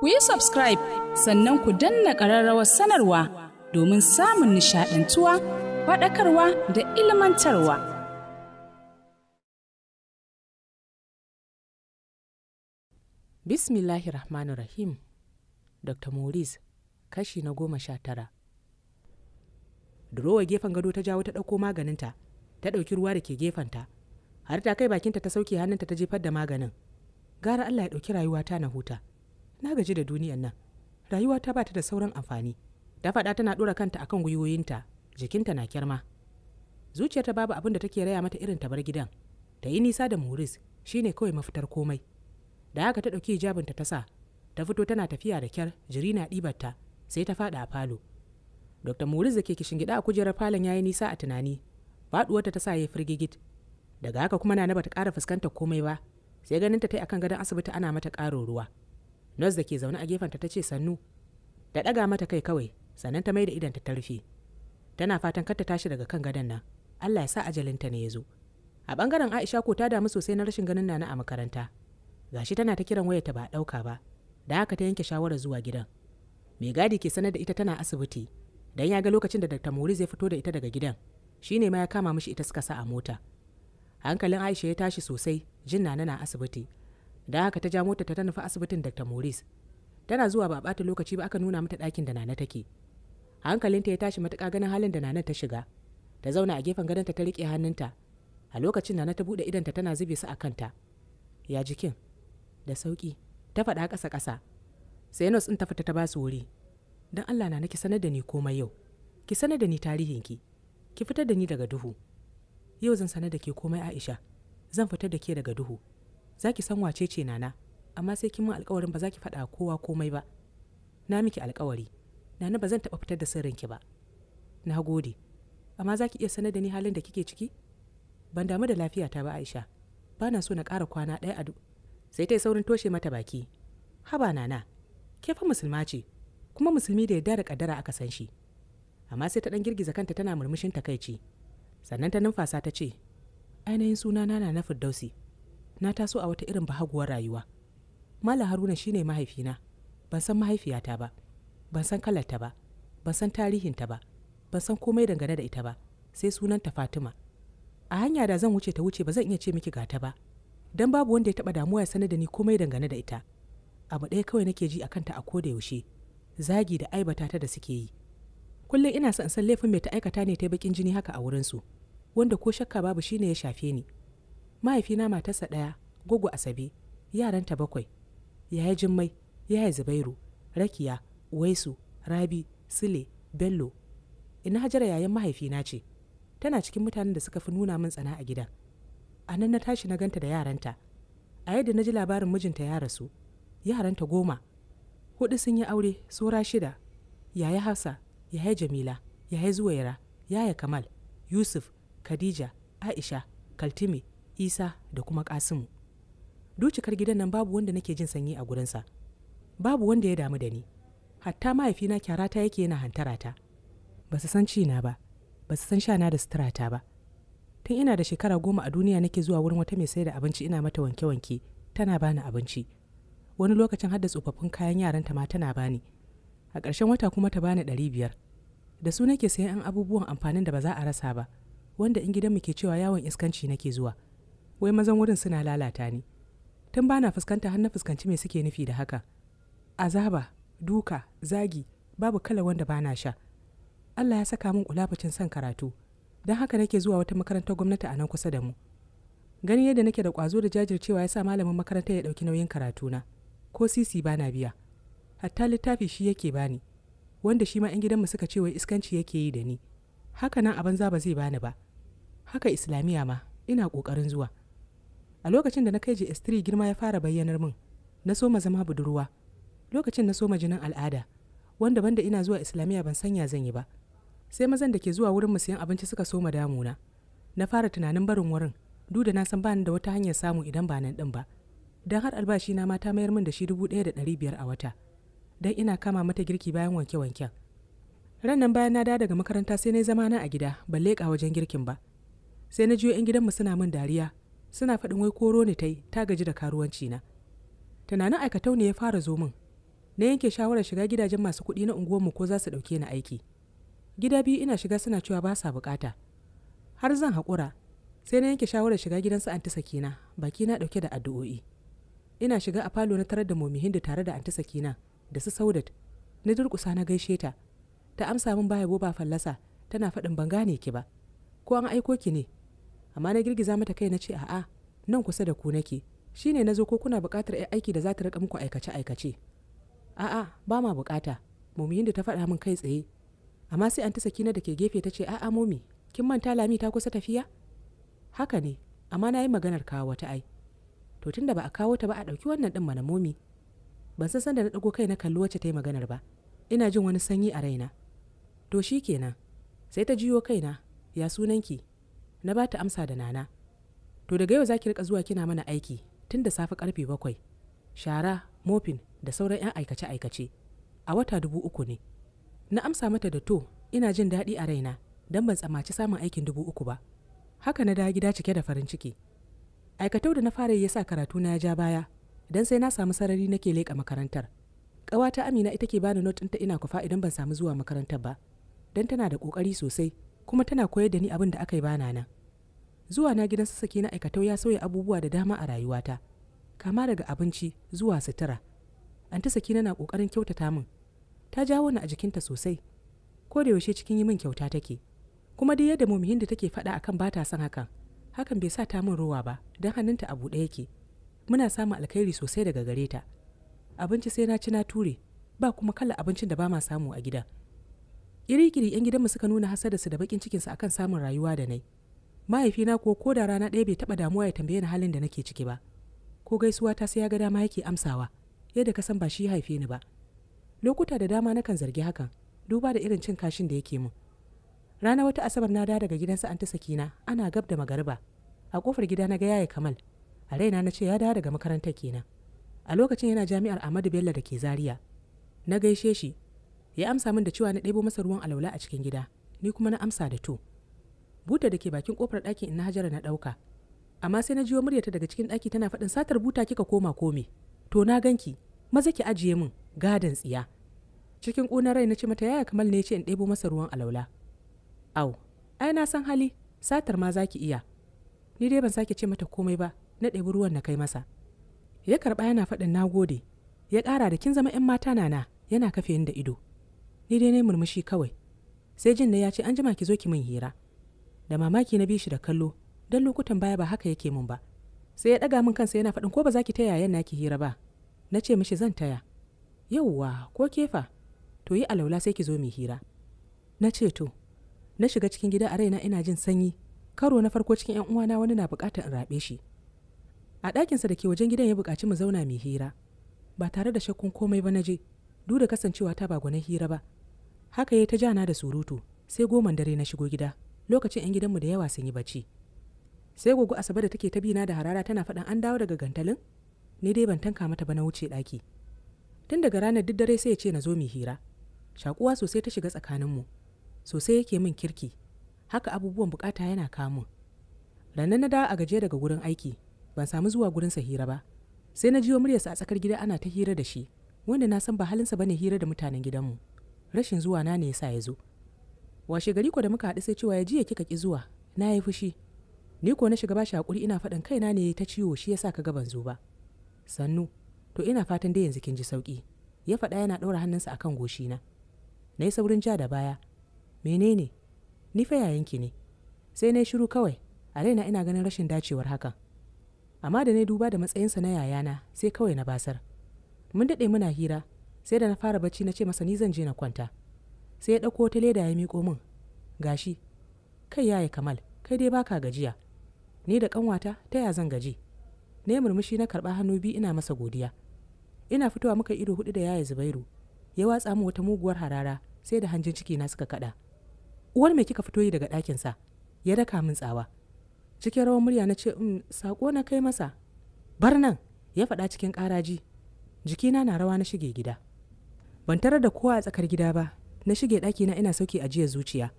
ku yi subscribe sannan ku danna ƙararrawar sanarwa domin samun nishaɗantuwa faɗakarwa da ilmantarwa. Bismillahirrahmanirrahim Rahim Dr. Maurice kashi na goma sha tara. Durowa gefen gado ta jawo ta ɗauko maganinta, ta ɗauki ruwa da ke gefenta, har ta kai bakinta ta sauke hannunta ta jefar da maganin. Gara Allah ya ɗauki rayuwata na huta. na gaji da duniyan nan rayuwa ta bata da sauran amfani ta faɗa tana ɗora kanta a kan gwiwoyinta jikinta na kyarma ta babu abin da take raya mata irin ta bar gidan ta yi nisa da shi shine kawai mafitar komai da haka ta ɗauki hijabinta ta sa ta fito tana tafiya da kyar jiri na ɗibarta sai ta faɗa a falo dr Moris da ke gida a kujerar falon ya yi nisa a tunani faɗuwarta ta sa ya firgigit daga haka kuma na bata ƙara fuskantar komai ba sai ganin ta ta akan gadon asibiti ana mata ƙarin ruwa nurse da ke zaune a gefenta ta ce sannu da ɗaga mata kai kawai sannan ta mai da idanta ta rufe tana fatan kar ta tashi daga kan gadon nan allah ya sa ajalinta ne ya zo a ɓangaren aisha ko ta damu sosai na rashin ganin nana a makaranta gashi tana ta kiran wayarta ba a ɗauka ba da haka ta yanke shawarar zuwa gidan mai gadi ke sanar da ita tana asibiti dan ya ga lokacin da dr mori zai fito da ita daga gidan shine ma ya kama mishi ita suka sa a mota hankalin aisha ya tashi sosai jin nana na asibiti da haka ta ja mota ta ta nufi asibitin dr maurice tana zuwa ba bata lokaci ba aka nuna mata dakin da nana take hankalinta ya tashi matuka ganin halin da nana ta shiga ta zauna a gefen gadonta ta riƙe hannunta a lokacin nana ta buɗe idanta tana zube su a kanta ya jikin da sauƙi ta faɗa ƙasa ƙasa sai nos ɗin ta fita ta basu wuri don allah nana ki sanar da ni komai yau ki sanar da ni tarihinki ki fitar da ni daga duhu yau zan sanar da ke komai aisha zan fitar da ke daga duhu za ki san wace ce nana amma sai kin mun alkawarin ba za ki faɗa kowa komai ba na miki alkawari nana ba zan taɓa fitar da sirrinki ba na gode amma za ki iya sanar da ni halin da kike ciki ban damu da lafiyata ba aisha ba na so na ƙara kwana ɗaya a sai ta yi saurin toshe mata baki haba nana ke fa musulma ce kuma musulmi da yarda da kaddara aka san shi amma sai ta ɗan girgiza kanta tana murmushin takaici sannan ta numfasa ta ce ainihin sunana na na firdausi na taso a wata irin bahaguwar rayuwa malam haruna shine mahaifina ban san mahaifiyata ba ban san kalarta ba ban san tarihinta ba ban san komai dangane da ita ba sai sunanta fatima a hanya da zan wuce ta wuce ba zan iya ce miki gata ba dan babu wanda ya taba damuwa ya sanar da ni komai dangane da ita abu ɗaya kawai nake ji akan ta a koda yaushe zagi da aibata ta da suke yi kullum ina son san laifin mai ta aikata ne ta bakin jini haka a wurinsu wanda ko shakka babu shine ya shafe ni mahaifina matarsa ɗaya gugu asabe yaranta bakwai yaya jimmai yaya zubairu rakiya Waisu, rabi sile bello ina hajara yayan mahaifina ce tana cikin mutanen da suka fi nuna min tsana a gidan a nan na tashi na ganta da yaranta a yadda na ji labarin mijinta ya rasu yaranta goma hudu sun yi aure sora shida yaya hafsa yaya jamila yaya zuwaira yaya kamal yusuf khadija aisha Kaltimi? isa da kuma kasimu ducikar gidan nan babu wanda nake jin sanyi a gurinsa babu wanda ya damu da ni hatta mahaifina kyarata yake yana hantarata ba su san cina ba ba su san shana da suturata ba tun ina da shekara goma a duniya nake zuwa wurin wata mai sai da abinci ina mata wanke-wanke tana bani abinci wani lokacin har da tsofaffin kayan yaran ta ma tana bani a ƙarshen wata kuma ta bani ɗari biyar da su nake sayan abubuwan amfanin da ba za a rasa ba wanda in gidanmu ke cewa yawon iskanci nake zuwa wai mazan wurin suna lalata ni tun ba na fuskanta har na fuskanci me suke nufi da haka azaba duka zagi babu kala wanda bana sha Allah ya saka min kulafacin son karatu don haka nake zuwa wata makarantar gwamnati a nan kusa da mu ganin yadda nake da kwazo da jajircewa ya sa malamin makarantar ya ɗauki nauyin karatuna ko sisi bana biya hatta littafi shi yake bani wanda shi ma 'yan gidanmu suka ce wai iskanci yake yi da ni haka nan a banza ba zai bani ba haka islamiyya ma ina ƙoƙarin zuwa a lokacin da na kai js3 girma ya fara bayyanar min na soma zama budurwa lokacin na soma jinin al'ada wanda banda ina zuwa islamiyya ban sanya zan yi ba sai mazan da ke zuwa wurin siyan abinci suka soma damuna na fara tunanin barin wurin duk da na san bani da wata hanyar samu idan ba nan din ba dan har albashi na mata mayar min da shi dubu ɗaya da ɗari biyar a wata dan ina kama mata girki bayan wanke-wanken ran nan bayan na dawo daga makaranta sai na zama na a gida ban leƙa wajen girkin ba sai na jiyo 'yan gidanmu suna min dariya suna faɗin wai koro ne ta yi ta gaji da karuwanci na tunanin aikatau ne ya fara zo min na yanke shawarar shiga gidajen masu kuɗi na unguwarmu ko za su ɗauke ni aiki gida biyu ina shiga suna cewa ba sa bukata har zan haƙura sai na yanke shawarar shiga gidansu anti sakina baki na ɗauke da addu'o'i ina shiga a falo na tarar da momi hindu tare da anti sakina da su saudat na durƙusa na gaishe ta ta amsa min baya ba fallasa tana faɗin ban gane ki ba ko an aiko ki ne amma na girgiza mata kai na ce a'a nan kusa da ku nake shine na zo ko kuna bukatar ai aiki da za ta rika muku aikace aikace a'a ba ma buƙata mumiyin da ta faɗa min kai tsaye amma sai an ta sakina da ke gefe ta ce a'a momi kin manta lami ta kusa tafiya haka ne amma na yi maganar kawo wata ai to tunda ba a kawo ta ba a ɗauki wannan ɗin mana momi ban san sanda na ɗago kai na kalli wacce ta yi maganar ba ina jin wani sanyi a raina to shi kenan sai ta jiyo kaina ya sunanki na ba ta amsa da nana to daga yau za ki rika zuwa kina mana aiki tun da safe karfe bakwai shara mofin da sauran 'yan aikace-aikace a wata dubu uku ne na amsa mata da to ina jin daɗi a raina don ban tsamaci samun aikin dubu uku ba haka na dawo gida cike da farin ciki aikatau da na fara ya sa karatu na ya ja baya don sai na samu sarari nake leƙa makarantar ƙawata amina ita ke bani not ta ina kufa idan ban samu zuwa makarantar ba don tana da ƙoƙari sosai kuma tana koyar da ni abin da aka yi bana nan zuwa na gidan sassake na aikatau ya sauya abubuwa da dama a rayuwata kama daga abinci zuwa sutura an ta sakina na kokarin kyautata min ta jawo ni a jikinta sosai ko da yaushe cikin yi min kyauta take kuma dai yadda mumihin da take faɗa akan ba ta son hakan hakan bai sa ta min rowa ba don hannunta a buɗe yake muna samun alkhairi sosai daga gare ta abinci sai na ci na ture ba kuma kala abincin da ba ma samu a gidan iri kiri 'yan gidanmu suka nuna hasadarsu da bakin cikinsu akan samun rayuwa da nai mahaifina ko ko da rana ɗaya bai taɓa damuwa ya tambaye ni halin da nake ciki ba ko gaisuwa ta sai ya ga dama yake amsawa yadda ka san ba shi haife ni ba lokuta da dama nakan zargi hakan duba da irin cin kashin da yake mun. rana wata asabar na dawo daga gidansa an ta sakina ana gab da magariba a kofar gida na ga yaya kamal a raina na ce ya dawo daga makarantar kenan a lokacin yana jami'ar ahmadu bello da ke zaria na gaishe shi ya amsa min da cewa na ɗebo masa ruwan alaula a cikin gida ni kuma na amsa da to buta da ke bakin kofar ɗakin in na hajara na ɗauka amma sai na jiyo muryata daga cikin ɗaki tana faɗin satar buta kika koma kome to na ganki maza ki ajiye min gadon tsiya cikin ƙunar rai na ce mata yaya kamal ne ya ce in ɗebo masa ruwan alaula au ai na san hali satar ma za ki iya ni dai ban sake ce mata komai ba na ɗebi ruwan na kai masa ya karɓa yana faɗin nagode. ya ƙara da kin zama 'yan mata na na yana kafe da ido ni dai na murmushi kawai sai jin na ya ce an jima ki zo ki min hira da mamaki na bi shi da kallo don lokutan baya ba haka yake min ba sai ya ɗaga min kansa yana faɗin ko ba za ki taya yan naki hira ba na ce mishi zan taya yauwa ko kefa to yi alaula sai ki zo mi hira na ce to na shiga cikin gida a raina ina jin sanyi karo na farko cikin yan uwana wani na bukatar in rabe shi a ɗakinsa da ke wajen gidan ya buƙaci mu zauna mi hira ba tare da shakkun komai ba na je duk da kasancewa ta ba gwanin hira ba haka ya ta jana da surutu sai goman dare na shigo gida lokacin 'yan gidanmu da yawa sun yi bacci sai gogo asabe da take ta bina da harara tana faɗan an dawo daga gantalin ni dai ban tanka mata ba na wuce ɗaki tun daga ranar duk dare sai ya ce na zo mu hira shakuwa sosai ta shiga tsakaninmu sosai yake min kirki haka abubuwan bukata yana kamun rannan na dawo a gaje daga gurin aiki ban samu zuwa gurin sa hira ba sai na jiyo muryarsa a tsakar gida ana ta hira da shi wanda na san ba halinsa bane hira da mutanen gidanmu rashin zuwa na ne yasa ya zo washe gari ko da muka haɗu sai cewa ya jiya kika ki zuwa na yi fushi ni ko na shiga bashi hakuri ina faɗin kaina ne ta ciwo shi ya sa ka gaban zo ba sannu to ina fatan dai yanzu kin ji sauki ya faɗa yana ɗaura hannunsa a kan goshina na yi saurin ja da baya menene ni fa yayanki ne sai na yi shiru kawai a raina ina ganin rashin dacewar hakan amma da na duba da matsayinsa na yayana sai kawai na basar mun daɗe muna hira sai da na fara bacci na ce masa ni zan je na kwanta sai ya ɗauko wata leda ya miƙo min gashi kai yaya kamal kai dai baka gajiya ni da kanwata ta ya zan gaji na yi murmushi na karɓa hannu biyu ina masa godiya ina fitowa muka ido hudu da yaya zubairu ya watsa mu wata muguwar harara sai da hanjin ciki na suka kaɗa uwar me kika fito yi daga ɗakinsa ya daka min tsawa cikin rawar murya na ce mm, saƙo na kai masa bar nan ya faɗa cikin ƙaraji jikina na rawa na shige gida ban tarar da kowa a tsakar gida ba na shige ɗaki na ina sauke ajiyar zuciya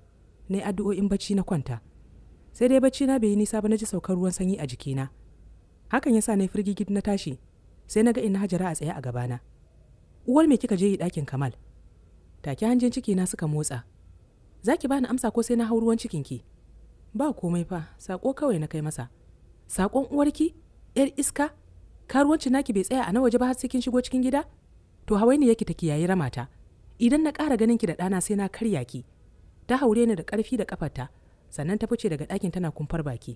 na yi addu'o'in bacci na kwanta sai dai bacci na bai yi nisa ba na ji saukar ruwan sanyi a jikina hakan yasa na yi firgigid na tashi sai na ga ina hajara a tsaye a gabana uwar me kika je yi dakin kamal take hanjin ciki na suka motsa za ki bani amsa ko sai na hau ruwan cikinki ba komai fa sako kawai na kai masa sakon uwarki yar iska karuwanci naki bai tsaya a na waje ba har sai kin shigo cikin gida to hawainiya yake ta kiyaye ramata idan na ƙara ganin ki da ɗana sai na karya ki ta haure ni da ƙarfi da ƙafarta sannan ta fice daga ɗakin tana kumfar baki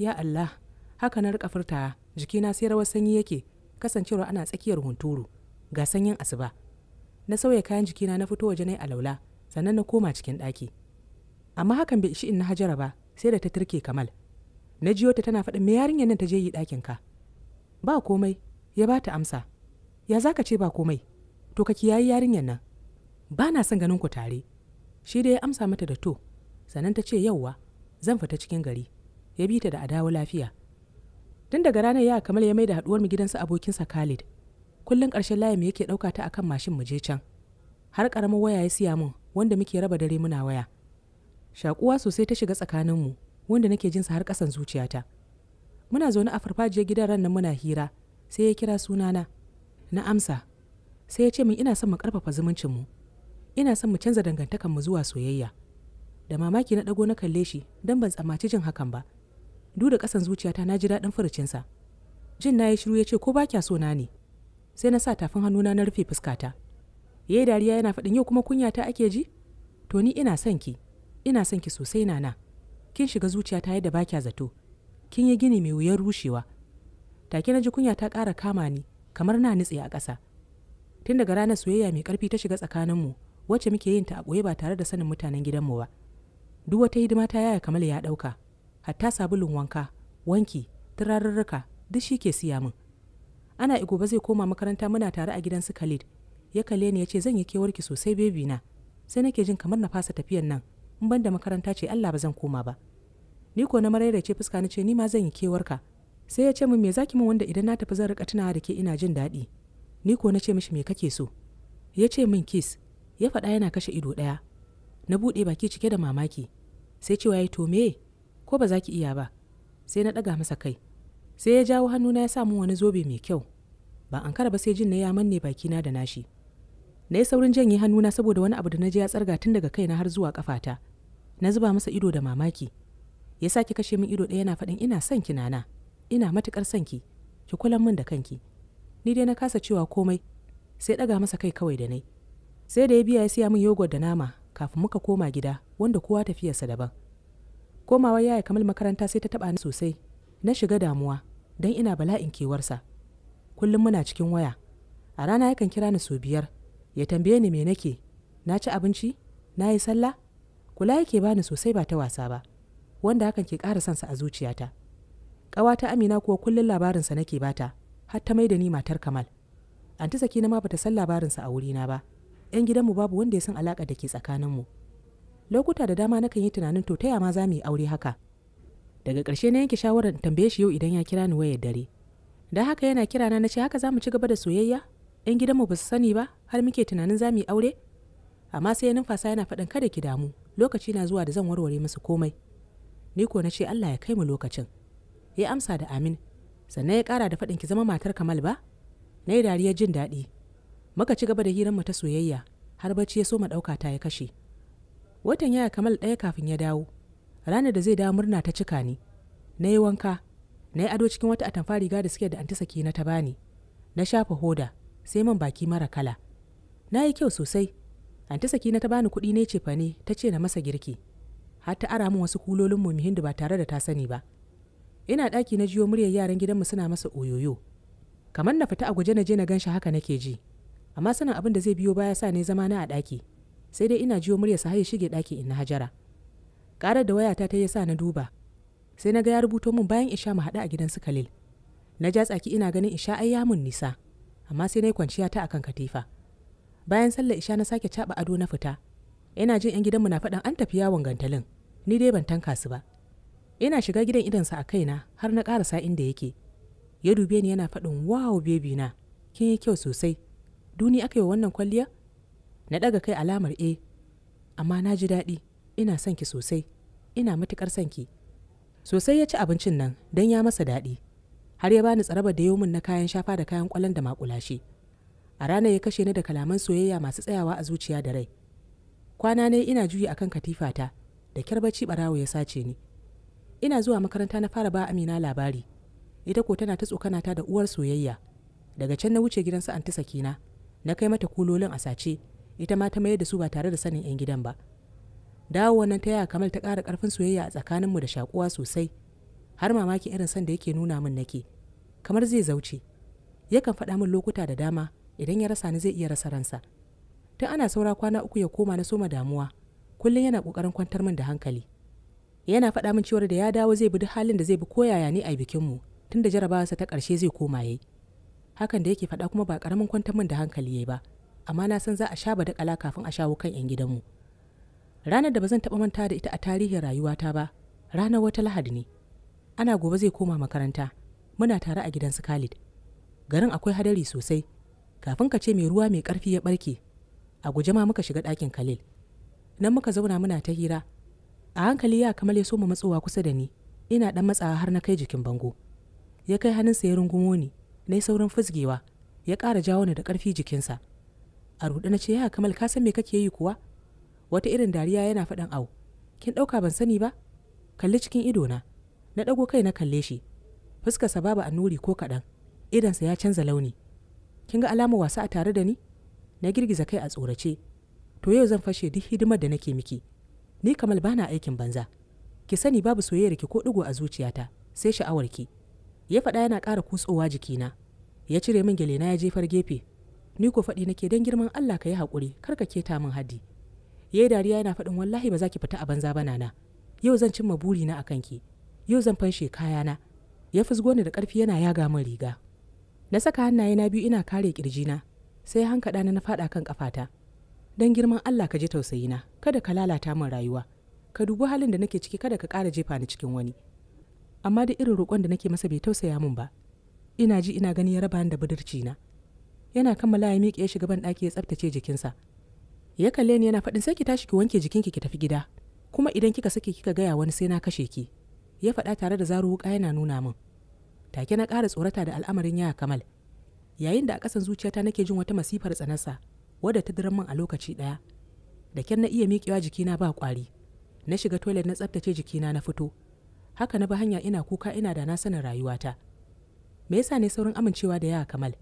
ya allah haka na riƙa furta jikina sai rawar sanyi yake kasancewa ana tsakiyar hunturu ga sanyin asuba na sauya kayan jikina na fito waje na alaula sannan na koma cikin ɗaki amma hakan bai ishi in na hajara ba sai da ta turke kamal na jiyo ta tana faɗin me yarinyar nan ta je yi ɗakinka? ka ba komai ya ba ta amsa ya za ka ce ba komai to ka kiyayi yarinyar nan ba na son ganin ku tare shi dai ya amsa mata da to sannan ta ce yauwa zan fita cikin gari ya bi ta da adawo lafiya tun daga ranar ya kamal ya mai da haɗuwar mu gidansa abokinsa khalid kullum ƙarshen layin yake ɗauka ta akan mashin mu je can har ƙaramin waya ya siya mun wanda muke raba dare muna waya shakuwa sosai ta shiga tsakaninmu wanda nake jinsa har ƙasan zuciyata muna zaune a farfajiyar gidan ran nan muna hira sai ya kira sunana na amsa sai ya ce min ina son mu karfafa mu. ina son mu canza mu zuwa soyayya da mamaki na ɗago na kalle shi don ban tsammaci jin hakan ba duk da ƙasan zuciyata na ji daɗin sa jin na ya shiru ya ce ko ba kya so na ne sai na sa tafin hannuna na rufe fuskata yayi dariya yana faɗin yau kuma ta ake ji to ni ina son ki ina son ki sosai nana kin shiga zuciyata yadda ba kya zato kin yi gini mai wuyar rushewa take na ji kunya ta ƙara kama ni kamar na nutse a ƙasa tun daga ranar soyayya mai ƙarfi ta shiga tsakaninmu wacce muke yin ta a ɓoye ba tare da sanin mutanen gidanmu ba duk wata hidima ta yaya kamal ya ɗauka hatta sabulun wanka wanki turarurruka duk shi ke siya min ana ba zai koma makaranta muna tare a gidan su khalid ya kalle ni ya ce zan yi kewarki sosai bebi na sai nake jin kamar na fasa tafiyan nan in ban da makaranta ce allah ba zan koma ba ni ko na ce fuska na ce ni ma zan yi kewarka sai ya ce min me zaki min wanda idan na tafi zan rika tunawa da ke ina jin daɗi ni ko na ce mishi me kake so ya ce min kiss ya faɗa yana kashe ido ɗaya na buɗe baki cike da mamaki sai cewa ya to me ko ba za ki iya ba sai na ɗaga masa kai sai ya jawo hannuna ya samu wani zobe mai kyau ba an kara ba sai jin na ya manne bakina da nashi na yi saurin janye hannuna saboda wani abu da na ji ya tsarga tun daga kaina har zuwa kafata na zuba masa ido da mamaki ya sake kashe min ido ɗaya yana faɗin ina son kinana ina matuƙar son ki ki kulan min da kanki ni dai na kasa cewa komai sai ɗaga masa kai kawai da nai sai da ya biya ya siya min yogurt da nama kafin muka koma gida wanda kowa tafiyarsa daban komawa yaya kamal makaranta sai ta taɓa ni sosai na shiga damuwa don ina bala'in kewarsa kullum muna cikin waya a rana yakan kira ni sau biyar ya tambaye ni me nake na ci abinci na yi sallah kula yake bani sosai ba ta wasa ba wanda hakan ke ƙara sansa a zuciyata ƙawata amina kuwa kullum labarinsa nake bata har ta mai da ni matar kamal anti na ma bata san labarinsa a wurina ba yan gidanmu babu wanda ya san alaƙa da ke tsakaninmu lokuta da dama nakan yi tunanin to taya ma za mu yi aure haka daga ƙarshe na yanke shawarar in tambaye shi yau idan ya kira ni wayar dare da haka yana kira na na ce haka za mu ci gaba da soyayya yan gidanmu ba su sani ba har muke tunanin za mu yi aure amma sai ya numfasa yana faɗin kada ki damu lokaci na zuwa da zan warware musu komai ni ko na ce Allah ya kai mu lokacin ya amsa da amin sannan ya kara da faɗin ki zama matar kamal ba na yi dariya jin daɗi muka ci gaba da mu ta soyayya har bacci ya so ma ɗauka ta ya kashe watan yaya kamal ɗaya kafin ya dawo ranar da zai dawo murna ta cika ni na yi wanka na yi ado cikin wata atamfa riga da suke da ke na ta bani na shafa hoda sai man baki mara kala na yi kyau sosai saki na ta bani kuɗi ne ce fa ne ta ce na masa girki har ta ara min wasu kulolin mu Hindu ba tare da ta sani ba ina ɗaki na jiyo muryar yaran gidanmu suna masa oyoyo kamar na fita a guje na je na gan haka nake ji amma sanin abin da zai biyo baya sa ne zama na a ɗaki sai dai ina jiyo muryar sa haye shige ɗaki in na hajara ƙarar da wayata ta yi sa na duba sai na ga ya rubuto min bayan isha mu haɗu a gidan su kalil na ja tsaki ina ganin isha ai ya mun nisa amma sai na yi kwanciya ta akan katifa bayan sallar isha na sake caɓa ado na fita ina jin 'yan gidanmu na faɗan an tafi yawon gantalin ni dai ban tanka su ba yana shiga gidan idansa a kaina har na ƙarasa inda yake ya dube ni yana faɗin wow bebi na kin yi kyau sosai duni aka yi wannan kwalliya na ɗaga kai alamar e amma na ji daɗi ina son ki sosai ina matuƙar son ki sosai ya ci abincin nan don ya masa daɗi har ya bani tsarabar da yomin na kayan shafa da kayan kwalan da makulashe a ranar ya kashe ni da kalaman soyayya masu tsayawa a zuciya da rai kwana ne ina juyi akan katifata da kyar bacci barawo ya sace ni ina zuwa makaranta na fara ba amina labari ita ko tana ta tsokana ta da uwar soyayya daga can na wuce gidansa anti sakina na kai mata kulolin a sace ita ma ta mayar da su ba tare da sanin 'yan gidan ba dawo wannan ta yaya kamal ta ƙara ƙarfin soyayya a tsakaninmu da shakuwa sosai har mamaki irin san da yake nuna min nake kamar zai zauce yakan faɗa min lokuta da dama idan ya rasa ni zai iya rasa ransa tun ana saura kwana uku ya koma na soma damuwa kullum yana ƙoƙarin kwantar min da hankali yana faɗa min cewar da ya dawo zai bi duk halin da zai bi koyaya ne a bikinmu tun da jarabawarsa ta ƙarshe zai koma yayi hakan da yake faɗa kuma ba ƙaramin kwantar min da hankali yayi ba amma na san za a sha Bada ƙala kafin a shawo kan 'yan mu ranar da ba zan taɓa manta da ita a tarihin rayuwata ba ranar wata lahadi ne ana gobe zai koma makaranta muna tare a gidan su khalid garin akwai hadari sosai kafin ka ce mai ruwa mai ƙarfi ya ɓarke a guje ma muka shiga ɗakin khalil nan muka zauna muna ta hira a hankali ya kamal ya soma matsowa kusa da ni ina dan matsawa har na kai jikin bango ya kai hannunsa ya rungumo ni na yi saurin fusgewa ya ƙara jawo ni da karfi jikinsa a ruɗe na ce ya kamal ka san me kake yi kuwa wata irin dariya yana faɗin au kin ɗauka ban sani ba kalli cikin idona na ɗago kai na kalle shi fuskarsa babu annuri ko kaɗan idansa ya canza launi kin ga alamar wasa a tare da ni na girgiza kai a tsorace to yau zan fashe duk hidimar da nake miki ni kamal bana aikin banza ki sani babu soyayyar ki ko digo a zuciyata sai sha'awar ki ya faɗa yana ƙara kutsowa jikina ya cire min na ya jefar gefe ni ko faɗi nake dan girman Allah ka yi haƙuri kar ka keta min haddi yayi dariya yana faɗin wallahi ba za ki fita a banza ba nana yau zan cimma na a ki yau zan fanshe kaya na. ya fusgo ni da ƙarfi yana yaga min riga na saka hannaye na biyu ina kare na. sai hanka na na faɗa kan ƙafata don girman Allah ka ji tausayina kada ka lalata min rayuwa ka dubi halin da nake ciki kada ka ƙara jefa ni cikin wani amma da irin roƙon da nake masa bai tausaya min ba ina ji ina gani ya raba da budurci na yana kammala ya miƙe ya shiga ban ɗaki ya tsaftace jikinsa ya kalle ni yana faɗin sai ki tashi ki wanke jikinki ki tafi gida kuma idan kika sake kika gaya wani sai na kashe ki ya faɗa tare da zaro wuƙa yana nuna min take na ƙara tsorata da al'amarin yaya kamal yayin da a ƙasan zuciyata nake jin wata masifar tsanarsa wadda ta dira min a lokaci ɗaya da kyar na iya miƙewa jikina ba ƙwari na shiga toilet na tsaftace jikina na fito haka na ba hanya ina kuka ina da na sanin rayuwata me yasa ne saurin amincewa da yaya kamal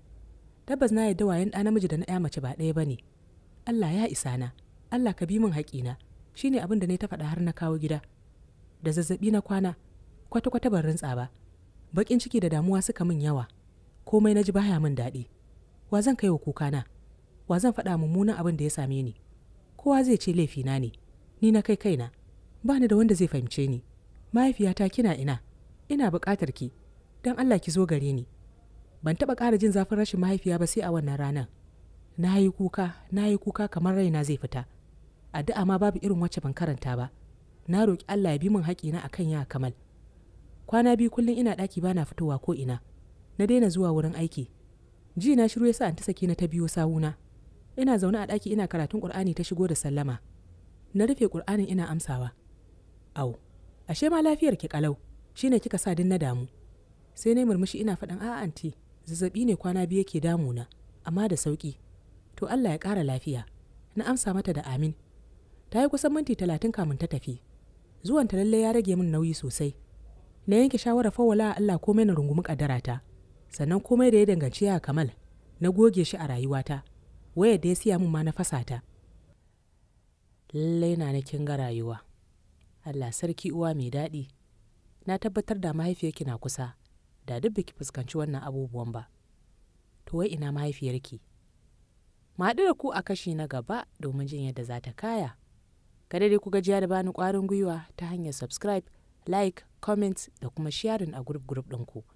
tabbas na yadda wayan ɗa namiji da na ya mace ba ɗaya ba ne allah ya isa na allah ka bi min haƙina shine abin da na ta faɗa har na kawo gida da zazzaɓi na kwana kwata-kwata ban rintsa ba baƙin ciki da damuwa suka min yawa komai na ji baya min daɗi wa zan kai wa kuka na? wa zan faɗa mummunan abin da ya same ni kowa zai ce laifina ne ni na kai kaina ba ni da wanda zai fahimce ni mahaifiyata kina ina ina buƙatar ki don allah ki zo gare ni ban taɓa ƙara jin zafin rashin mahaifiya ba sai a wannan ranar na yi kuka na yi kuka kamar raina zai fita addu'a ma babu irin wacce ban karanta ba na roƙi allah ya bi min haƙina a kan ya kamal kwana biyu kullum ina ɗaki bana fitowa ko ina na daina zuwa wurin aiki ji na shiru yasa an ta sake na ta biyo sawuna ina zaune a ɗaki ina karatun ƙur'ani ta shigo da sallama na rufe ƙur'anin ina amsawa au ashe ma lafiyar ki ƙalau shine kika sa din na damu sai na murmushi ina faɗin a'a anti zazzaɓi ne kwana biyu yake na, amma da sauƙi to Allah ya ƙara lafiya na amsa mata da amin ta yi kusan minti talatin kamun ta tafi zuwan ta lallai ya rage min nauyi sosai na yanke shawarar fawala Allah komai na rungumi ƙaddarata sannan komai da ya danganci ya kamal na goge shi a rayuwata wayar da ya siya mun ma na fasa ta lallai na na ga rayuwa allah sarki uwa mai daɗi na tabbatar da mahaifiyarki na kusa da duk biki fuskanci wannan abubuwan ba to wai ina mahaifiyarki maɗu da ku a kashi na gaba domin jin yadda za ta kaya kada dai ku gajiya da bani ƙwarin gwiwa ta hanyar subscribe like comment da kuma sharing a group group ɗinku. ku